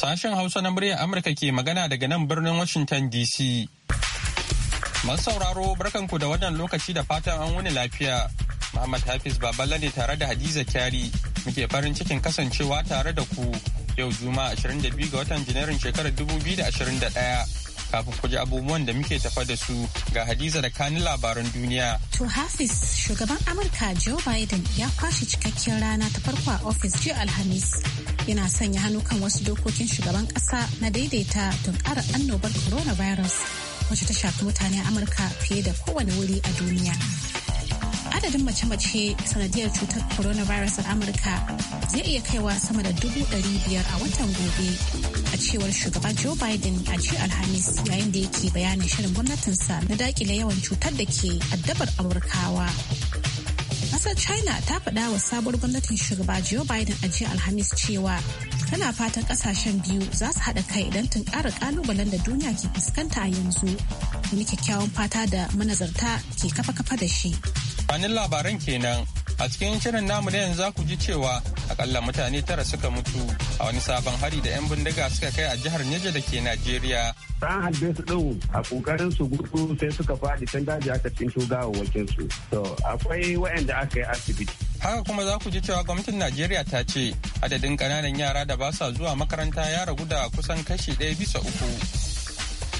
Sashen Hausa na muryar Amurka ke magana daga nan birnin Washington DC. Masu sauraro barkanku da wannan lokaci da fatan an wuni lafiya. Muhammad Hafiz Baballa ne tare da Hadiza Kyari muke farin cikin kasancewa tare da ku yau Juma'a 22 ga watan Janairun shekarar 2021. kafin ku ji abubuwan da muke tafa da su ga Hadiza da kanin labaran duniya. To Hafiz, shugaban Amurka Joe Biden ya kwashe cikakken rana ta farko a ofis jiya Alhamis yana sanya hannu kan wasu dokokin shugaban kasa na daidaita kara annobar coronavirus wacce ta shafi mutane a amurka fiye da kowane wuri a duniya adadin mace-mace sanadiyar cutar coronavirus a amurka zai iya kaiwa sama da dubu ɗari biyar a watan gobe a cewar shugaba joe biden a ce alhamis yayin da yake bayanin shirin gwamnatinsa na dakile yawan cutar da ke addabar amurkawa Kasar China ta faɗa wa sabuwar gwamnatin shugaba Joe Biden a jiya Alhamis cewa tana fatan kasashen biyu za su haɗa kai idan kara kalubalen da duniya ke fuskanta a yanzu. Wani kyakkyawan fata da manazarta ke kafa-kafa da shi. wani labaran kenan A cikin shirin namu da yanzu za ku ji cewa akalla mutane tara suka mutu a wani sabon hari da 'yan bindiga suka kai a jihar Niger da ke Najeriya. Ran halbe su ɗin a ƙoƙarin su gudu sai suka faɗi can daji aka cinto gawawwakin su. To akwai waɗanda aka yi asibiti. Haka kuma za ku ji cewa gwamnatin Najeriya ta ce adadin ƙananan yara da ba sa zuwa makaranta ya ragu da kusan kashi ɗaya bisa uku.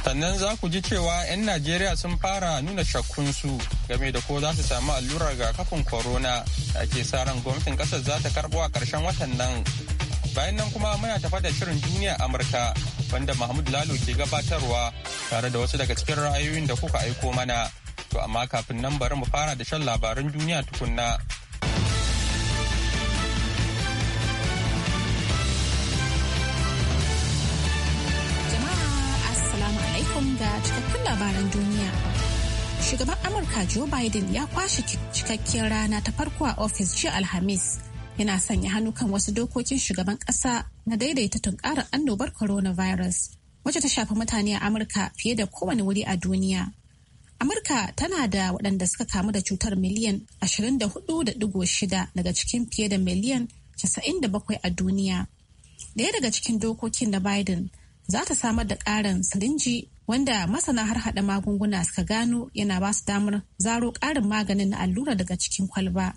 sannan za ku ji cewa 'yan najeriya sun fara nuna shakkunsu game da ko za su samu allurar rigakafin corona da ake sa ran gwamnatin kasar za ta karbo a karshen watan nan bayan nan kuma muna tafa da shirin duniya amurka wanda mahmud lalo ke gabatarwa tare da wasu daga cikin ra'ayoyin da kuka aiko mana to amma kafin nan bari mu fara da shan labaran duniya tukunna cikakkun labaran duniya. Shugaban Amurka Joe Biden ya kwashe cikakkiyar rana ta farko a ofis jiya Alhamis. Yana sanya hannu kan wasu dokokin shugaban ƙasa na daidaita tunkarar annobar coronavirus, wacce ta shafi mutane a Amurka fiye da kowane wuri a duniya. Amurka tana da waɗanda suka kamu da cutar miliyan 24.6 daga cikin fiye da miliyan 97 a duniya. Daya daga cikin dokokin da Biden za ta samar da ƙarin sirinji wanda masana har hada magunguna suka gano yana ba su damar zaro ƙarin maganin na allura daga cikin kwalba.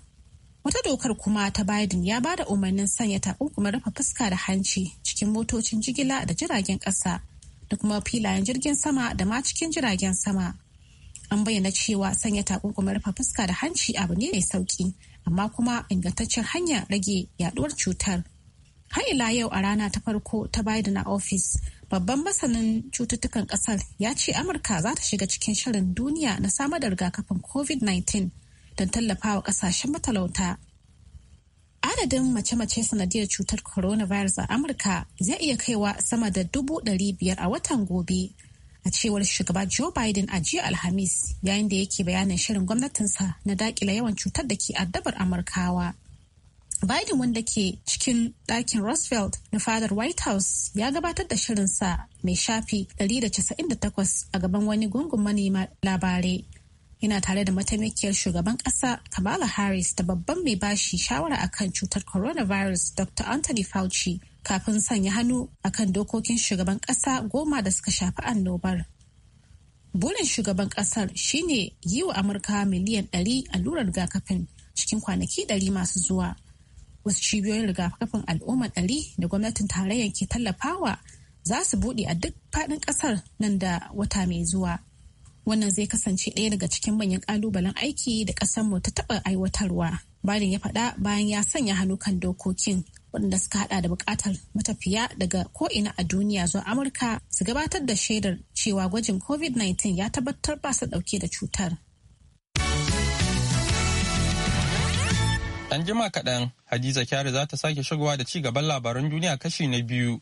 Wata dokar kuma ta Biden ya ba da umarnin sanya takunkumin rufe fuska da hanci cikin motocin jigila da jiragen ƙasa da kuma filayen jirgin sama da ma cikin jiragen sama. An bayyana cewa sanya takunkumin rufe fuska da hanci abu ne mai sauki, amma kuma ingantaccen hanya rage yaduwar cutar. Har ila yau a rana ta farko ta Biden a ofis, babban masanin cututtukan ƙasar ya ce amurka za ta shiga cikin shirin duniya na samar da rigakafin covid-19 don tallafa wa ƙasashen matalauta adadin mace-mace sanadiyar cutar coronavirus a amurka zai iya kaiwa sama da dubu biyar a watan gobe a cewar shugaba joe biden a jiya alhamis yayin da yake bayanin shirin gwamnatinsa na dakila yawan cutar da ke addabar amurkawa Biden wanda ke cikin ɗakin Roosevelt na fadar White House ya gabatar da shirinsa mai shafi 198 a gaban wani gungun manema labarai. Yana tare da mataimakiyar shugaban ƙasa Kamala Harris da babban mai bashi shawara akan cutar coronavirus Dr. Anthony Fauci kafin sanya hannu akan dokokin shugaban ƙasa goma da suka shafi annobar. Burin shugaban ƙasar shine yi wa Amurka miliyan 100 allurar rigakafin cikin kwanaki 100 masu zuwa. wasu cibiyoyin rigakafin al'umma ɗari da gwamnatin tarayyar ke tallafawa za su buɗe a duk faɗin ƙasar nan da wata mai zuwa wannan zai kasance ɗaya daga cikin manyan ƙalubalen aiki da ƙasar mu ta taɓa aiwatarwa bayan ya faɗa bayan ya sanya hannu kan dokokin waɗanda suka haɗa da buƙatar matafiya daga ko'ina a duniya zuwa Amurka su gabatar da shaidar cewa gwajin COVID-19 ya tabbatar ba su ɗauke da cutar. An jima kaɗan Hadiza Kyari za ta sake shigowa da ci gaban labaran duniya kashi na biyu.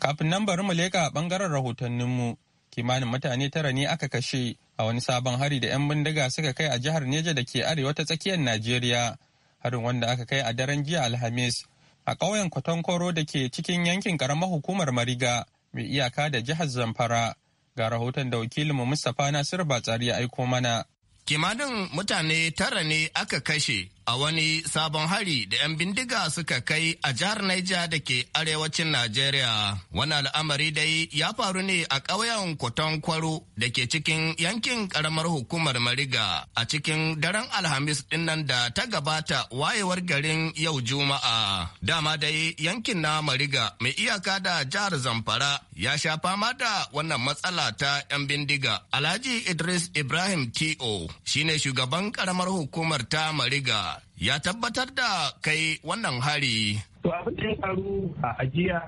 Kafin nan bari mu leƙa a ɓangaren rahotanninmu. Kimanin mutane tara ne aka kashe a wani sabon hari da 'yan bindiga suka kai a jihar Neja da ke arewa ta tsakiyar Najeriya. Harin wanda aka kai a daren jiya Alhamis a ƙauyen Kwatankoro da ke cikin yankin ƙaramar hukumar Mariga mai iyaka da jihar Zamfara. Ga rahoton da wakilinmu Mustapha Nasir Batsari ya aiko mana. Kimanin mutane tara ne aka kashe a wani sabon hari da 'yan bindiga suka kai a jihar Niger da ke arewacin Najeriya. Wani al'amari dai ya faru ne a ƙauyen Kwaton Kwaro da ke cikin yankin ƙaramar hukumar Mariga a cikin daren Alhamis dinnan da ta gabata wayewar garin yau Juma'a. Dama dai yankin na Mariga mai iyaka da jihar Zamfara ya sha fama da wannan matsala ta 'yan bindiga. Alhaji Idris Ibrahim T.O. shine shugaban ƙaramar hukumar ta Mariga. ya tabbatar da kai wannan hari. To abin da ya faru a ajiya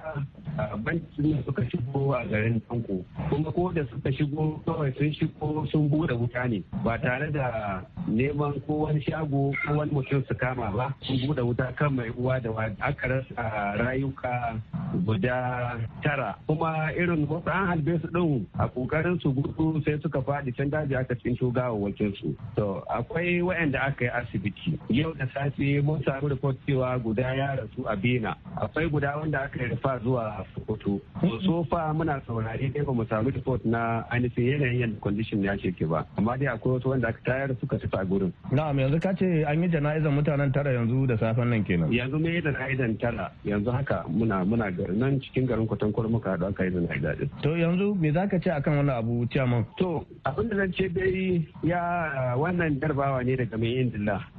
bankin suka shigo a garin tanko kuma ko da suka shigo kawai sun shigo sun bude wuta ne ba tare da neman ko wani shago ko wani mutum su kama ba sun bude wuta kan mai uwa da aka rasa rayuka guda tara kuma irin wasu an halbe su din a kokarin su gudu sai suka faɗi can daji aka tsinto gawawwakin su to akwai waɗanda aka yi asibiti yau da safe mun samu report cewa guda ya rasu a bina. akwai guda wanda aka yi rufa zuwa Sokoto. So fa muna saurari dai ba mu samu report na ainihin yanayin yadda condition ya ce ke ba. Amma dai akwai wasu wanda aka tayar suka tafi a gurin. Na'am yanzu ka ce an yi jana'izan mutanen tara yanzu da safen nan kenan. Yanzu me jana'izan tara yanzu haka muna muna nan cikin garin kwar muka haɗu aka yi jana'iza din. To yanzu me za ka ce akan wannan abu Chairman? To abin da zan ce dai ya wannan darbawa ne daga mai yin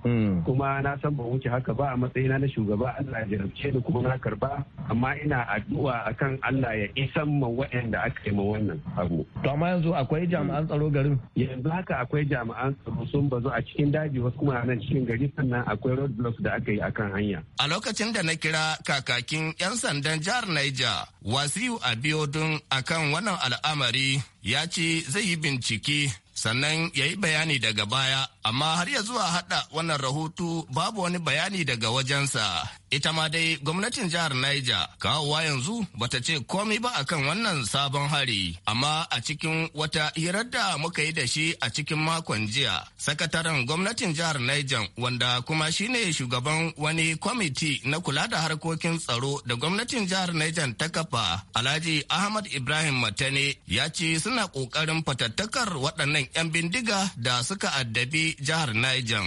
hmm. Kuma na san ba wuce haka ba a matsayina na shugaba Allah ya jarabce ni kuma na karba amma ina addu'a a akan Allah ya isan ma waɗanda aka yi ma wannan abu. To amma yanzu akwai jami'an tsaro garin? Yanzu haka akwai jami'an tsaro sun bazu a cikin daji wasu kuma nan cikin gari sannan akwai block da aka yi akan hanya. A lokacin da na kira kakakin 'yan sandan jihar Niger Wasiu Abiodun akan wannan al'amari ya ce zai yi bincike sannan ya yi bayani daga baya amma har ya zuwa haɗa wannan rahoto babu wani bayani daga wajensa Ita ma dai gwamnatin jihar Niger kawowa yanzu bata ce komai ba akan wannan sabon hari, amma a cikin wata hirar da muka yi da shi a cikin makon jiya, sakataren gwamnatin jihar Niger wanda kuma shine shugaban wani kwamiti na kula da harkokin tsaro da gwamnatin jihar Niger ta kafa, Alhaji Ahmad Ibrahim Matane ya ce suna kokarin fatattakar waɗannan 'yan bindiga da suka addabi jihar Niger.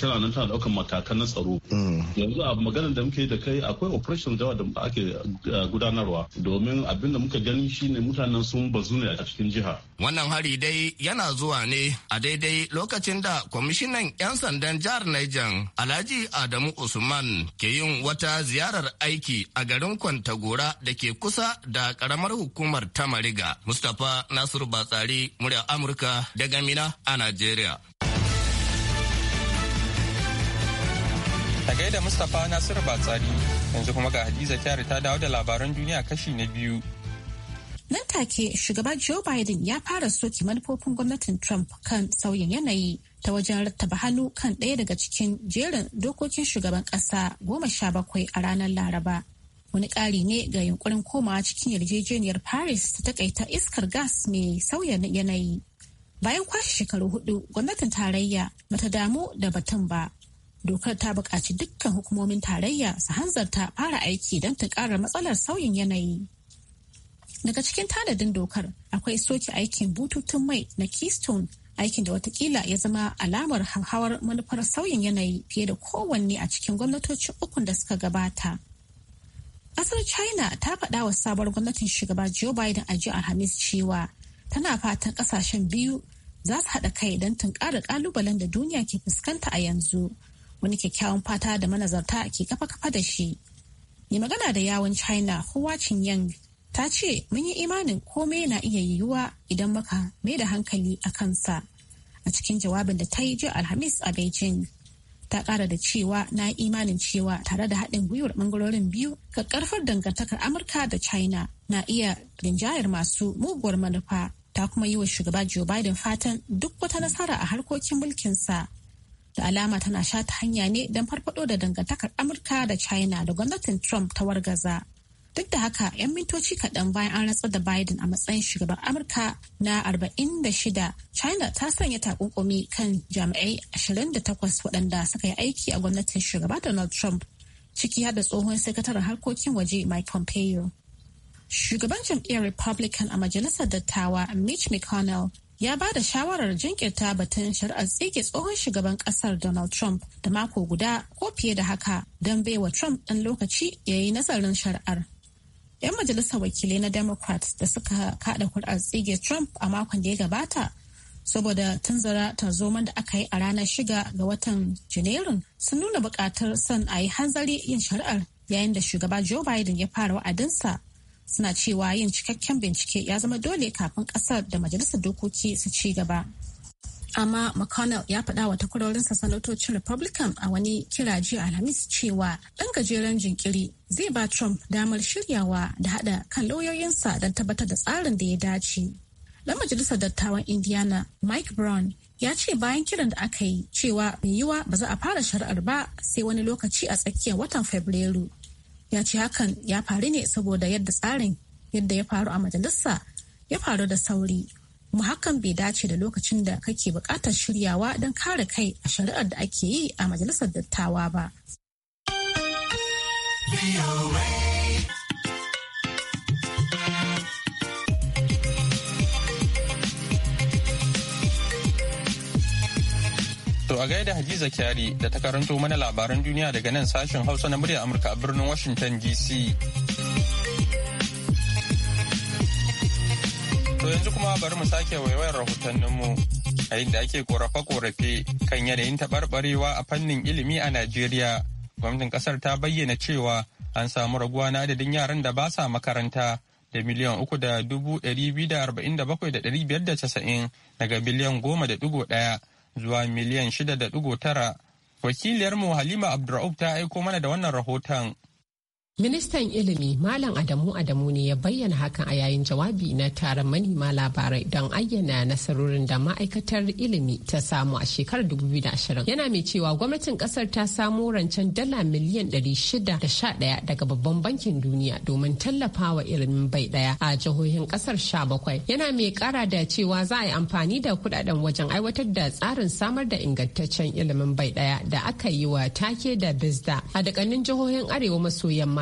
tana nan tana matakan tsaro. Mm. Yanzu a da da muke da kai akwai operation da da ake eh, gudanarwa domin abin da muka gani shine mutanen sun bazu ne a cikin jiha. Wannan hari dai yana zuwa ne a daidai lokacin da kwamishinan 'yan sandan jihar Niger Alhaji Adamu Usman ke yin wata ziyarar aiki a garin Kwantagora da ke kusa da karamar hukumar Tamariga. Mustapha Nasiru Batsari, murya Amurka daga Mina a Najeriya. A gaida Mustapha nasiru Batsari yanzu kuma ga Hadiza Kyari ta dawo da labaran duniya kashi na biyu. Nan take shugaba Joe Biden ya fara soke manufofin gwamnatin Trump kan sauyin yanayi ta wajen rattaba hannu kan ɗaya daga cikin jerin dokokin shugaban ƙasa goma sha bakwai a ranar Laraba. Wani ƙari ne ga yunkurin komawa cikin yarjejeniyar Paris ta takaita iskar gas mai sauya yanayi. Bayan kwashe shekaru hudu, gwamnatin tarayya bata damu da batun ba, dokar ta buƙaci dukkan hukumomin tarayya su hanzarta fara aiki don ta ƙara matsalar sauyin yanayi daga cikin tanadin dokar akwai soke aikin bututun mai na keystone aikin da watakila ya zama alamar hauhawar manufar sauyin yanayi fiye da kowanne a cikin gwamnatoci ukun da suka gabata ƙasar china ta faɗa wa sabuwar gwamnatin shugaba joe biden a jiya alhamis cewa tana fatan ƙasashen biyu za su haɗa kai don tunkarar ƙalubalen da duniya ke fuskanta a yanzu wani kyakkyawan fata da manazarta ke kafa-kafa da shi. Mai magana da yawon China Hua Yang ta ce mun yi imanin komai na iya yiwuwa idan muka mai da hankali a kansa. A cikin jawabin da ta yi jiya Alhamis a Beijing. Ta kara da cewa na imanin cewa tare da haɗin gwiwar ɓangarorin biyu ga ƙarfar dangantakar Amurka da China na iya rinjayar masu muguwar manufa. Ta kuma yi wa shugaba Joe Biden fatan duk wata nasara a harkokin mulkinsa. da alama tana sha ta hanya ne don farfado da dangantakar amurka da china da gwamnatin trump ta wargaza duk da haka 'yan mintoci kaɗan bayan an rantsar da biden a matsayin shugaban amurka na 46 china ta sanya takunkumi kan jami'ai 28 waɗanda suka yi aiki a gwamnatin shugaba donald trump ciki har da tsohon sakataren harkokin waje mike pompeo shugaban jam'iyyar republican a majalisar dattawa mitch mcconnell ya ba da shawarar jinkirta batun shari'ar tsige tsohon shugaban kasar Donald Trump da mako guda ko fiye da haka don baiwa Trump ɗan lokaci ya yi nazarin shari'ar. 'Yan majalisar wakilai na Democrats da suka kada kuri'ar tsige Trump a makon da ya gabata saboda tunzara tarzoman da aka yi a ranar shiga ga watan Janairun sun nuna buƙatar son a yi hanzari yin shari'ar yayin da shugaba Joe Biden ya fara wa'adinsa suna cewa yin cikakken bincike ya zama dole kafin kasar da majalisar dokoki su ci gaba amma mcconnell ya faɗa wa takwarorinsa sanatocin republican a wani kira jiya alhamis cewa ɗan gajeren jinkiri zai ba trump damar shiryawa da haɗa kan lauyoyinsa don tabbatar da tsarin da ya dace dan majalisar dattawan indiana mike brown ya ce bayan kiran da aka yi cewa mai yiwa ba za a fara shari'ar ba sai wani lokaci a tsakiyar watan fabrairu ya ce hakan ya faru ne saboda yadda tsarin yadda ya faru a majalisa ya faru da sauri kuma hakan bai dace da lokacin da kake bukatar shiryawa don kare kai a shari'ar da ake yi a majalisar dattawa ba. To a gaida Hadiza Kyari da ta karanto mana labaran duniya daga nan sashen Hausa na murya Amurka a birnin Washington DC. To yanzu kuma bari mu sake waiwayar rahotanninmu a yadda ake korafe-korafe kan yanayin taɓarɓarewa a fannin ilimi a Najeriya. Gwamnatin ƙasar ta bayyana cewa an samu raguwa na adadin yaran da ba sa makaranta da miliyan uku da dubu ɗari biyu da arba'in da bakwai da ɗari biyar da casa'in daga biliyan goma da ɗigo ɗaya zuwa miliyan 6.9 wakiliyarmu halima abdur'uf ta aiko mana da wannan rahoton Ministan ilimi Malam Adamu Adamu ne ya bayyana hakan a yayin jawabi na taron manema labarai don ayyana nasarorin da ma'aikatar ilimi ta samu a shekarar 2020. Yana mai cewa gwamnatin kasar ta samu rancen dala miliyan 611 daga babban bankin duniya domin tallafawa ilimin bai daya a jihohin kasar 17. Yana mai kara da cewa za a yi amfani da kudaden wajen aiwatar da tsarin samar da ingantaccen ilimin bai daya da aka yi wa take da bizda a dakanin jihohin arewa maso yamma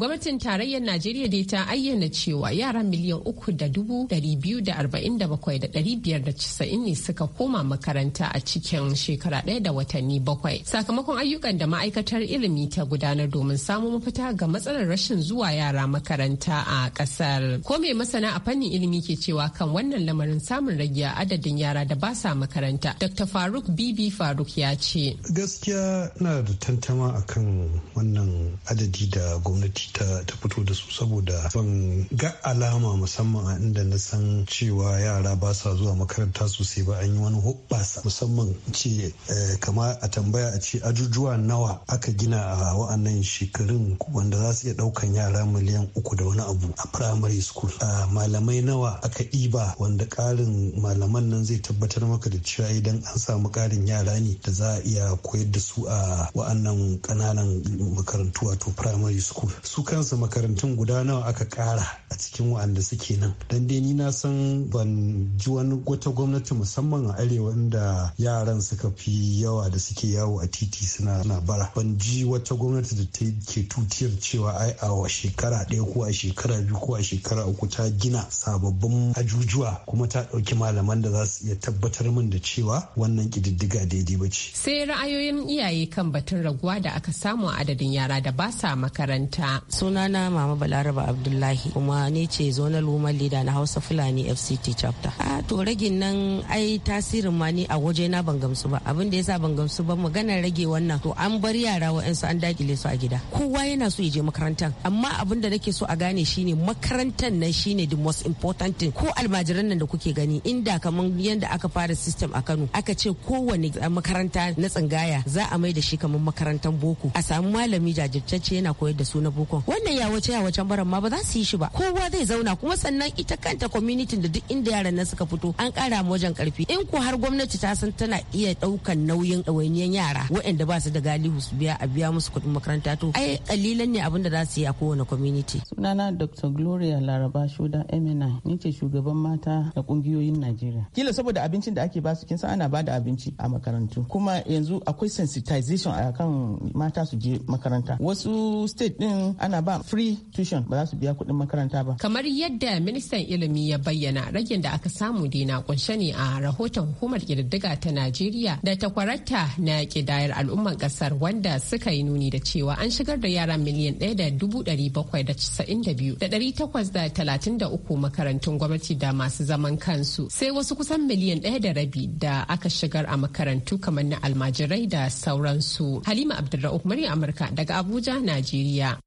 Gwamnatin tarayyar Najeriya dai ta ayyana cewa yara miliyan uku da dubu dari biyu da arba'in da bakwai da dari biyar da casa'in ne suka koma makaranta a cikin shekara ɗaya da watanni bakwai. Sakamakon ayyukan da ma'aikatar ilimi ta gudanar domin samun mafita ga matsalar rashin zuwa yara makaranta a ƙasar. Ko me masana a fannin ilimi ke cewa kan wannan lamarin samun rage adadin yara da ba sa makaranta. Dr. Faruk Bibi Faruk ya ce. Gaskiya na da tantama akan wannan adadi da gwamnati ta fito da su saboda ban ga alama musamman a inda na san cewa yara ba sa zuwa makaranta sosai ba an yi wani hubbasa musamman ce eh, kama a tambaya a ce ajujuwa nawa aka gina a wa'annan shekarun wanda za su iya ɗaukan yara miliyan uku da wani abu a primary school malamai nawa aka ɗiba wanda ƙarin malaman nan zai tabbatar maka da cewa idan an samu ƙarin yara ne da za a iya koyar da su a wa'annan ƙananan makarantu wato primary school su kansa makarantun guda nawa aka kara a cikin wa'anda suke nan dan dai ni na san ban ji wani wata gwamnati musamman a arewa inda yaran suka fi yawa da suke yawo a titi suna na bara ban ji wata gwamnati da ta ke tutiyar cewa ai a shekara ɗaya ko a shekara biyu ko a shekara uku ta gina sababbin ajujuwa kuma ta ɗauki malaman da za su iya tabbatar min da cewa wannan ƙididdiga daidai ba ce. sai ra'ayoyin iyaye kan batun raguwa da aka samu adadin yara da ba sa makaranta. Sunana Mama Balaraba Abdullahi kuma ne ce zonal woman leader na Hausa Fulani FCT chapter. A ah, to ragin nan ai tasirin ma ni a waje na ban gamsu ba abin da yasa ban gamsu ba maganar rage wannan to an bar yara wa'ansu an dakile su a gida. Kowa yana so ya je makarantar amma abin da nake so a gane shine makarantan nan shine the most important thing ko almajiran nan da kuke gani inda kaman yadda aka fara system a Kano aka ce kowane eh, makaranta na tsangaya za a mai da shi kamar makarantar boko a samu malami jajirce ce yana koyar da su na bukon wannan ya wace ya wacan baran ma ba za su yi shi ba kowa zai zauna kuma sannan ita kanta community da duk inda yaran nan suka fito an kara mu wajen karfi in ko har gwamnati ta san tana iya daukan nauyin dawainiyan yara waɗanda ba su da galihu su biya a biya musu kuɗin makaranta to ai kalilan ne abin da za su yi a kowane community sunana dr gloria laraba shoda emina ni ce shugaban mata da kungiyoyin najeriya kila saboda abincin da ake basu kin san ana bada abinci a makarantu kuma yanzu akwai sensitization akan kan mata su je makaranta wasu state din ana ba free tuition ba za su biya kuɗin makaranta ba kamar yadda ministan ilimi ya bayyana ragin da aka samu dina kunshe ne a rahoton hukumar kididdiga ta najeriya da ta takwararta na kidayar al'umman kasar wanda suka yi nuni da cewa an shigar da yara miliyan ɗaya da dubu ɗari bakwai da casa'in da biyu da ɗari takwas da talatin da uku makarantun gwamnati da masu zaman kansu sai wasu kusan miliyan ɗaya da rabi da aka shigar a makarantu kamar na almajirai da sauransu halima Abdulrahman murya amurka daga abuja ta Najeriya.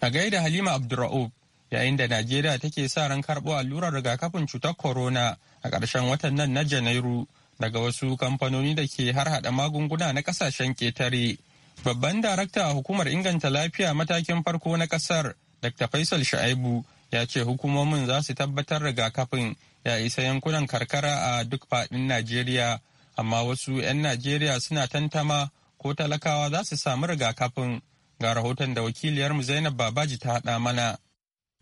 A gaida Halima Abdurra'ub, yayin da Najeriya take sa ran karɓo allurar rigakafin cutar corona a ƙarshen watan nan na Janairu daga wasu kamfanoni da ke har harhaɗa magunguna na ƙasashen ƙetare. Babban darakta hukumar inganta lafiya matakin farko na ƙasar, Dr. Faisal Shaibu, ya ce hukumomin za su tabbatar rigakafin ya isa yankunan karkara a duk faɗin Najeriya, amma wasu 'yan Najeriya suna tantama ko talakawa za su samu rigakafin. Ga rahoton da wakiliyarmu Zainab Babaji ta haɗa mana.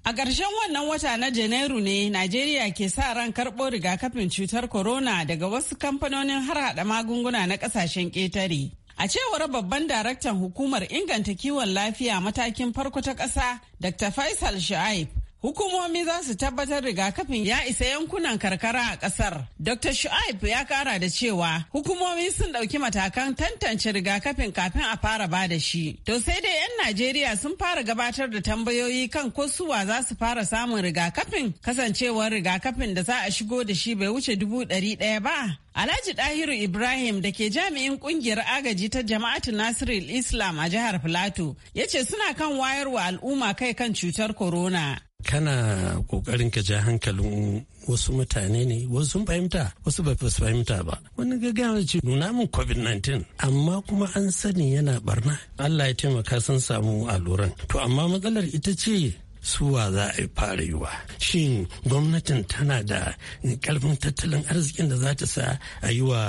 A ƙarshen wannan wata na Janairu ne Najeriya ke sa ran karɓo rigakafin cutar corona daga wasu kamfanonin har haɗa magunguna na ƙasashen ƙetare. A cewar babban daraktan hukumar inganta kiwon lafiya matakin farko ta ƙasa, Dr. Faisal Sha'ib, Hukumomi za su tabbatar rigakafin ya isa yankunan karkara a kasar. Dr. Shu'aib ya kara da cewa hukumomi sun ɗauki matakan tantance rigakafin kafin a fara ba da shi. To sai dai 'yan Najeriya sun fara gabatar da tambayoyi kan ko suwa za su fara samun rigakafin kasancewar rigakafin da za a shigo da shi bai wuce dubu ɗari ɗaya ba. Alhaji Dahiru Ibrahim da ke jami'in kungiyar agaji ta jama'atu Nasirul Islam a jihar Filato ya ce suna kan wayarwa al'umma kai kan cutar corona. kana kokarin ka ja hankalin wasu mutane ne wasu sun fahimta wasu ba su fahimta ba wani gaggawa ce nuna min covid-19 amma kuma an sani yana barna allah ya taimaka sun samu alluran to amma matsalar ita ce suwa za a fara yiwa shin gwamnatin tana da karfin tattalin arzikin da za ta sa a yi wa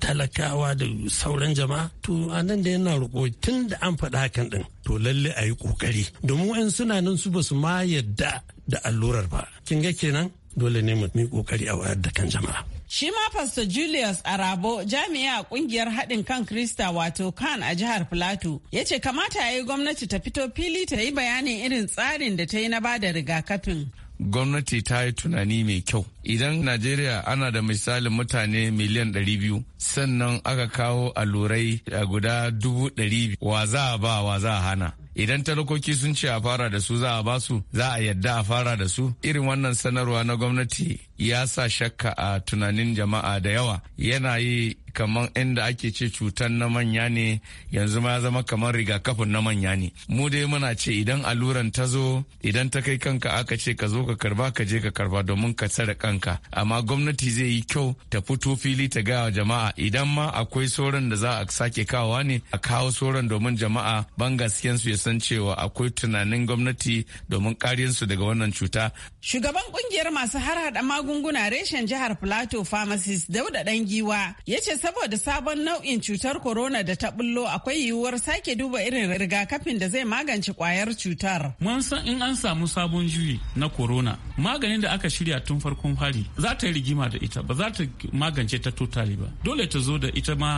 talakawa da sauran jama'a to a da yana roƙo tun da an faɗa hakan ɗin to lalle a yi ƙoƙari domin wa'in suna nan su ba su ma yadda da allurar ba kin ga kenan dole ne mu yi ƙoƙari a wayar da kan jama'a Shi ma Pastor Julius Arabo jami'a a kungiyar haɗin kan Krista wato kan a jihar Filato ya ce kamata ya yi gwamnati ta fito fili ta yi bayanin irin tsarin da ta yi na bada rigakafin. gwamnati ta yi tunani mai kyau idan najeriya ana da misalin mutane miliyan 200 sannan aka kawo allurai a guda ɗari wa za a ba wa za a hana idan talakoki sun ce a fara da su za a ba su za a yadda a fara da su irin wannan sanarwa na gwamnati ya sa shakka a tunanin jama'a da yawa yana yi kamar inda ake ce cutar na manya ne yanzu ma ya zama kamar rigakafin na manya ne mu dai muna ce idan alluran ta zo idan ta kai kanka aka ce ka zo ka karba ka je ka karba domin ka tsare kanka amma gwamnati zai yi kyau ta fito fili ta gaya jama'a idan ma akwai sauran da za a sake kawowa ne a kawo sauran domin jama'a ban gaskiyan su ya san cewa akwai tunanin gwamnati domin kariyansu daga wannan cuta shugaban kungiyar masu harhaɗa magunguna reshen jihar Plateau Pharmacist Dauda giwa ya ce saboda sabon nau'in cutar corona da ta bullo akwai yiwuwar sake duba irin rigakafin da zai magance kwayar cutar. Mun san in an samu sabon juyi na corona maganin da aka shirya tun farkon fari za ta yi rigima da ita ba za ta magance ta totali ba dole ta zo da ita ma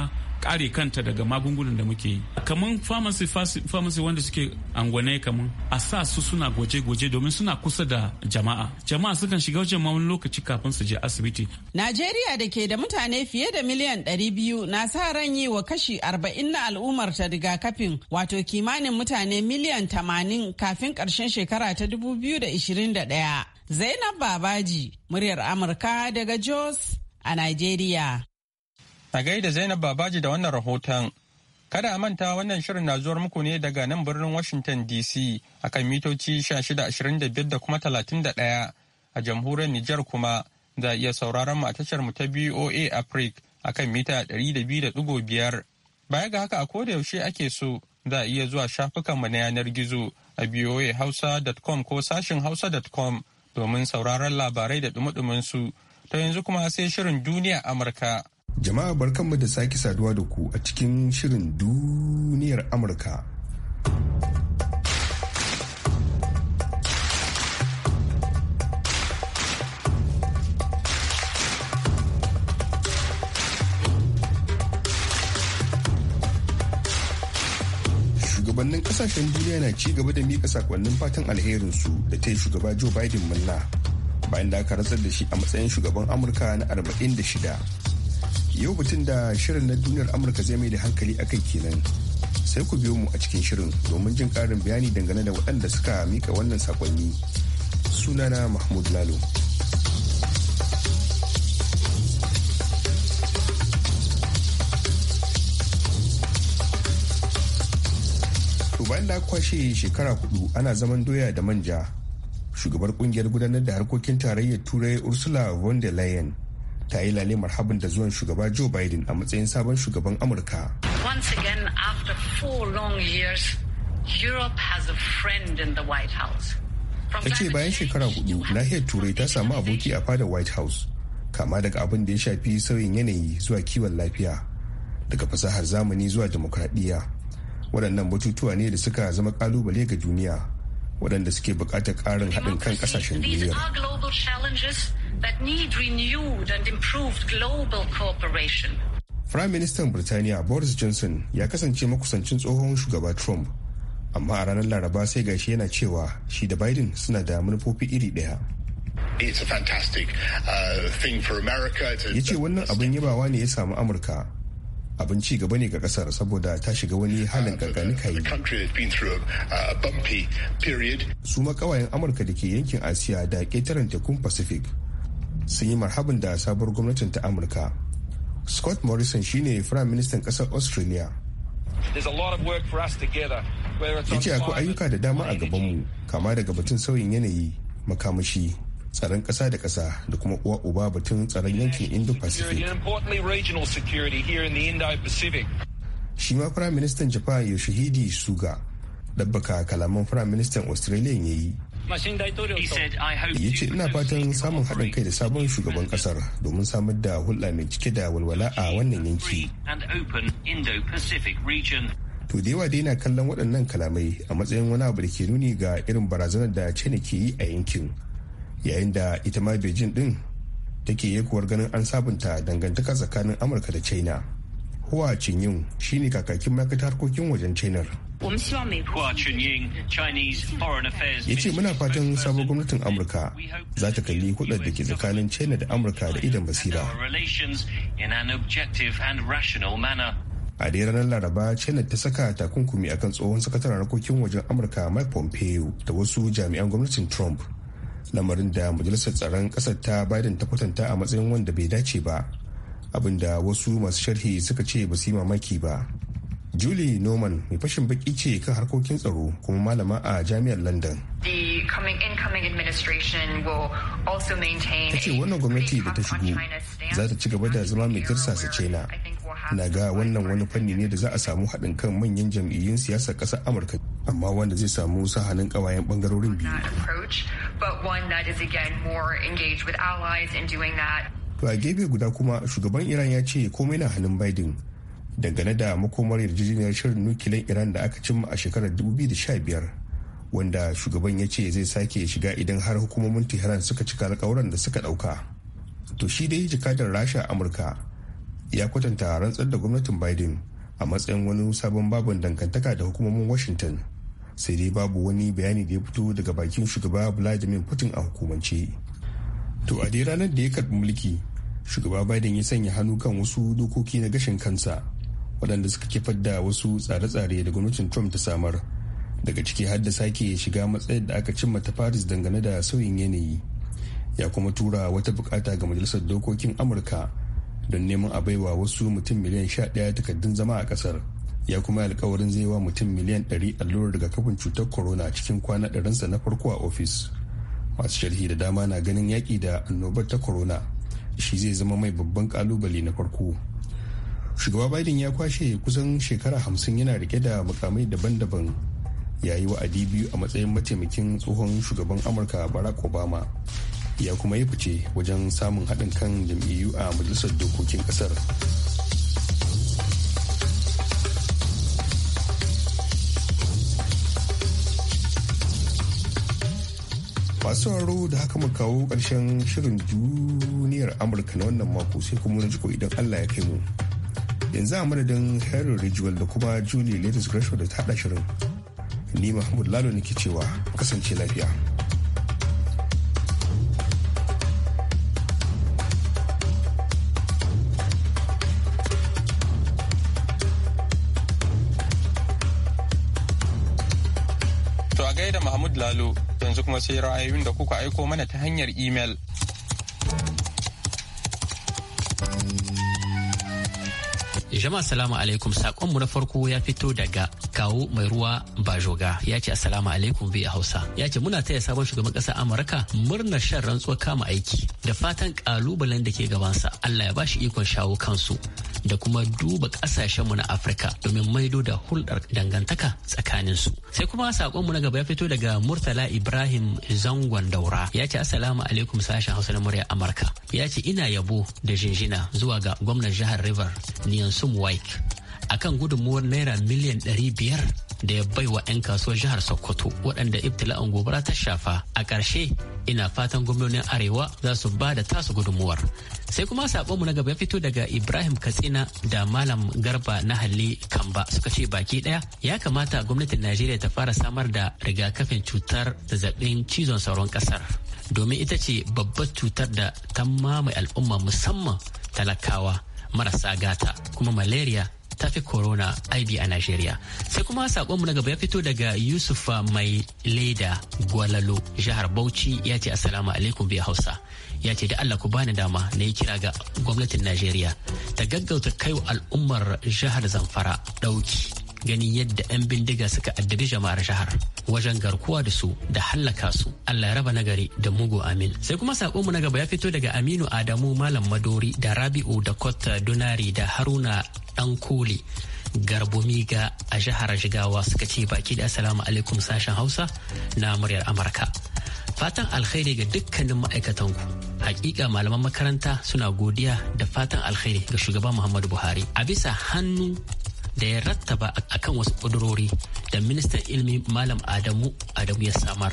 kare kanta daga magungunan da muke yi kamar pharmacy, pharmacy wanda suke angwane kamar a sa su suna gwaje goje domin suna kusa da jama'a jama'a sukan shiga wajen wani lokaci abinci kafin su je asibiti. Najeriya da ke da mutane fiye da miliyan ɗari biyu na sa ran yi wa kashi arba'in na al'ummar ta rigakafin wato kimanin mutane miliyan 80 kafin ƙarshen shekara ta 2021. Zainab Babaji, muryar Amurka daga Jos a Najeriya. A gaida Zainab Babaji da wannan rahoton. Kada a manta wannan shirin na zuwar muku ne daga nan birnin Washington DC a kan mitoci 1625 da kuma 31 a jamhuriyar Nijar kuma za a iya sauraron mu a tashar mu ta BOA Africa kan mita 200.5 baya ga haka a koda yaushe ake so za a iya zuwa shafukan mu na yanar gizo a boahausa.com ko sashin hausa.com domin sauraron labarai da dumudumin su ta yanzu kuma sai shirin duniya Amurka jama'a barkanmu da sake saduwa da ku a cikin shirin duniyar Amurka shugabannin kasashen duniya na ci gaba da mika sakonnin fatan alherin su da ta yi shugaba joe biden murna bayan da aka rasar da shi a matsayin shugaban amurka na 46 yau batun da shirin na duniyar amurka zai mai da hankali akai kenan sai ku biyo mu a cikin shirin domin jin karin bayani dangane da waɗanda suka mika wannan sakonni sunana mahmud lalo bayan da kwashe shekara hudu ana zaman doya da manja shugabar kungiyar gudanar da harkokin tarayyar turai ursula von der leyen ta yi lale habin da zuwan shugaba joe biden a matsayin sabon shugaban amurka once again after four long years europe has a friend in house ta ce bayan shekara hudu nahiyar turai ta samu aboki a fadar white house kama daga abin da ya shafi sauyin yanayi zuwa kiwon lafiya daga fasahar zamani zuwa demokradiyya waɗannan batutuwa ne da suka zama kalubale ga duniya waɗanda suke buƙatar ƙarin haɗin kan ƙasashen duniya Firayim Ministan Birtaniya Boris Johnson ya kasance makusancin tsohon shugaba Trump, amma a ranar Laraba sai gashi yana cewa shi da Biden suna da manufofi iri ɗaya. Uh, ya ce wannan abin yabawa ne ya samu Amurka abin ci gaba ne ga kasar saboda ta shiga wani halin uh, kankanika kai su makawayen amurka da ke yankin asiya da ƙetaren tekun pacific sun yi marhabin da sabuwar gwamnatin ta amurka scott morrison shine firayim ministan kasar australia ya ce akwai ayyuka da dama a gabanmu kama daga batun sauyin yanayi makamashi tsaron ƙasa da ƙasa da kuma uwa uba batun tsaron yankin indo-pacific shi ma firayim ministan japan yoshihide suga dabbaka kalaman firayim ministan australia ya yi ya ce ina fatan samun haɗin kai da sabon shugaban ƙasar domin samar da hulɗa mai cike da walwala a wannan yanki to da yawa dai na kallon waɗannan kalamai a matsayin wani abu da ke nuni ga irin barazanar da china ke yi a yankin yayin da ita ma beijing din take yakuwar ganin an sabunta dangantaka tsakanin amurka da china huwa chinyin shine kakakin ma'aikatar harkokin wajen china ya ce muna fatan sabon gwamnatin amurka za ta kalli hudar da ke tsakanin china da amurka da idan basira a dai ranar laraba china ta saka takunkumi akan tsohon sakataren harkokin wajen amurka mike pompeo da wasu jami'an gwamnatin trump lamarin da majalisar tsaron ƙasar ta biden ta kwatanta a matsayin wanda bai dace ba abinda wasu masu sharhi suka ce ba su yi mamaki ba julie norman mai fashin baki ce kan harkokin tsaro kuma malama a jami'ar london ta ce wannan gwamnati da ta shigo za ta ci gaba da zama mai tirsasa china na ga wannan wani fanni ne da za a samu haɗin kan manyan jam'iyyun siyasar ƙasar amurka amma wanda zai samu sahanin ƙawayen ɓangarorin biyu to a gefe guda kuma shugaban iran ya ce komai na hannun biden dangane da makomar yarjejeniyar shirin nukilan iran da aka cimma a shekarar 2015 wanda shugaban ya ce zai sake shiga idan har hukumomin tehran suka cika alkawuran da suka ɗauka. to shi dai jakadar rasha amurka ya kwatanta rantsar da gwamnatin biden a matsayin wani sabon babin dangantaka da hukumomin washington sai dai babu wani bayani da ya fito daga bakin shugaba vladimir putin a hukumance to a dai ranar da ya karbi mulki shugaba biden ya sanya hannu kan wasu dokoki na gashin kansa waɗanda suka kifar da wasu tsare-tsare da gwamnatin trump ta samar daga ciki har da sake shiga matsayin da aka cimma ta paris dangane da sauyin yanayi ya kuma tura wata bukata ga majalisar dokokin amurka don neman a baiwa wasu mutum miliyan sha ɗaya takardun zama a kasar ya kuma alkawarin zai wa mutum miliyan ɗari allurar kafin cutar corona cikin kwana ɗarinsa na farko a ofis masu sharhi da dama na ganin yaƙi da annobar ta corona shi zai zama mai babban kalubale na farko shugaba biden ya kwashe kusan shekara hamsin yana rike da mukamai daban-daban ya yi wa'adi biyu a matsayin mataimakin tsohon shugaban amurka barack obama ya kuma yi fice wajen samun haɗin kan jam'iyyu a majalisar dokokin ƙasar masu sauraro da haka mu kawo ƙarshen shirin duniyar amurka na wannan mako sai kuma na jiko idan allah ya kai mu yanzu a madadin harry ridgewell da kuma julie latest gresham da ta haɗa shirin ni mahmud lalo ne ke cewa kasance lafiya Yanzu kuma sai ra'ayoyin da kuka aiko mana ta hanyar imel. Jama'a salamu alaikum sakonmu na farko ya fito daga kawo mai ruwa bajoga ya ce assalamu alaikum bai hausa ya ce muna taya sabon shugaban ƙasar amurka murnar shan rantsuwar kama aiki da fatan ƙalubalen da ke gabansa allah ya bashi ikon shawo kansu da kuma duba kasashenmu na afirka domin maido da hulɗar dangantaka tsakaninsu sai kuma sakonmu na gaba ya fito daga murtala ibrahim zangon daura ya ce assalamu alaikum sashen hausa na murya amurka ya ce ina yabo da jinjina zuwa ga gwamnan jihar river niyan sum akan gudunmuwar naira miliyan ɗari biyar. da ya baiwa 'yan kasuwar jihar Sokoto waɗanda ibtila'in gobara ta shafa. A ƙarshe ina fatan gwamnonin Arewa za su ba da tasu gudunmuwar. Sai kuma mu na gaba ya fito daga Ibrahim Katsina da Malam Garba na Halli Kamba suka ce baki ɗaya ya kamata gwamnatin Najeriya ta fara samar da rigakafin cutar zazzabin cizon sauron ƙasar. Domin ita ce babbar cutar da ta mamaye al'umma musamman talakawa marasa gata kuma malaria ta fi corona IB a Najeriya. Sai kuma sakonmu na gaba ya fito daga Yusufa mai leda gwalalo jihar Bauchi ya ce assalamu alaikum biya Hausa. Ya ce da Allah ku bani dama na yi kira ga gwamnatin Najeriya ta gaggauta kaiwa al'ummar jihar Zamfara ɗauki ganin yadda 'yan bindiga suka addabi jama'ar jihar wajen garkuwa da su da hallaka su Allah ya raba nagari da mugu amin sai kuma mu na gaba ya fito daga Aminu Adamu Malam Madori da Rabi'u da Kota Dunari da Haruna Dankoli Garbomiga a jihar Jigawa suka ce baki da Assalamu alaikum sashen Hausa na muryar Amurka fatan alkhairi ga dukkanin ku hakika malaman makaranta suna godiya da fatan alkhairi ga shugaban muhammadu buhari a bisa hannu da ya rattaba kan wasu ƙudurori da ministan ilimi malam adamu adamu ya samar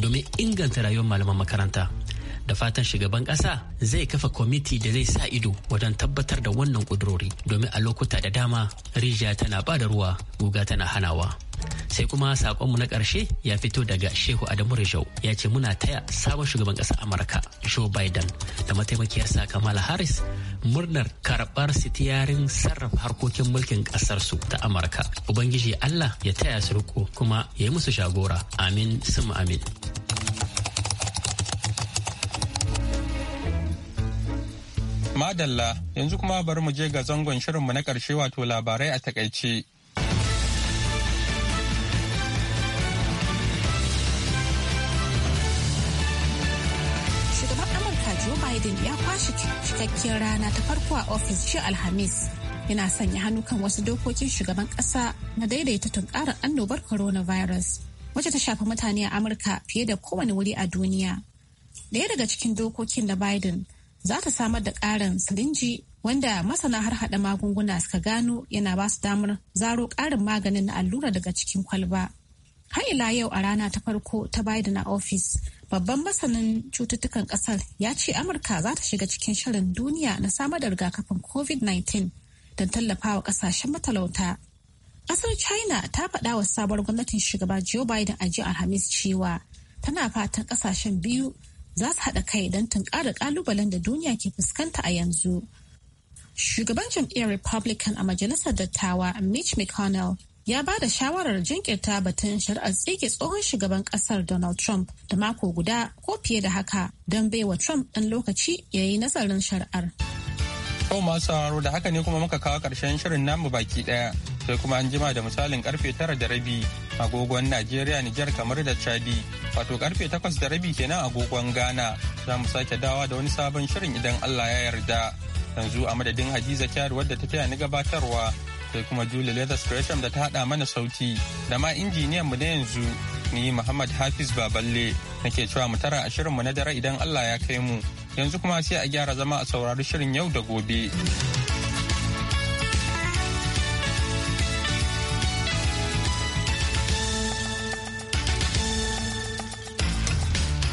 domin inganta rayuwar malaman makaranta da fatan shugaban ƙasa zai kafa kwamiti da zai sa ido wajen tabbatar da wannan kudurori. domin a lokuta da dama rijiya tana ba da ruwa guga tana hanawa sai kuma sakonmu na ƙarshe ya fito daga shehu adamu rijau ya ce muna taya sabon shugaban ƙasar amurka joe biden da mataimakiyarsa kamala harris murnar karɓar sitiyarin sarrafa harkokin mulkin ƙasarsu ta amurka ubangiji allah ya taya su riko kuma ya yi musu shagora amin sun amin Madalla yanzu kuma bari mu je ga zangon shirinmu na ƙarshe wato labarai a takaice. Shugaban Amurka Joe Biden ya kwashe cikakkiyar rana ta farko a ofis jiya Alhamis. Yana sanya hannu kan wasu dokokin shugaban ƙasa na daidaita tunkarar annobar coronavirus wacce ta shafi mutane a Amurka fiye da kowane wuri a duniya. Daya daga cikin dokokin da Biden za ta samar da ƙarin sirinji wanda masana har hada magunguna suka gano yana ba su damar zaro ƙarin maganin na allura daga cikin kwalba. Har ila yau a rana ta farko ta Biden a ofis, babban masanin cututtukan ƙasar ya ce Amurka za ta shiga cikin shirin duniya na samar da rigakafin COVID-19 don tallafawa ƙasashen matalauta. Ƙasar China ta faɗa wa sabuwar gwamnatin shugaba Joe Biden a jiya Alhamis cewa tana fatan ƙasashen biyu za su haɗa kai don tunƙara ƙalubalen da duniya ke fuskanta a yanzu. Shugaban jam'iyyar Republican a Majalisar Dattawa Mitch McConnell ya ba da shawarar jinkirta batun shari'ar tsige tsohon shugaban ƙasar Donald Trump da mako guda ko fiye da haka don baiwa Trump ɗan lokaci ya yi nazarin shari'ar. Kau masu sauraro da haka ne kuma muka kawo ƙarshen shirin namu baki ɗaya. sai kuma an jima da misalin karfe tara da rabi agogon Najeriya Nijar kamar da Chadi wato karfe takwas da rabi kenan agogon Ghana za mu sake dawa da wani sabon shirin idan Allah ya yarda yanzu a madadin Hadiza Kyar wadda ta taya ni gabatarwa sai kuma Julie Leather Gresham da ta hada mana sauti da ma injiniyan mu na yanzu ni Muhammad Hafiz Baballe nake cewa mu tara a shirin mu na dare idan Allah ya kai mu yanzu kuma sai a gyara zama a saurari shirin yau da gobe.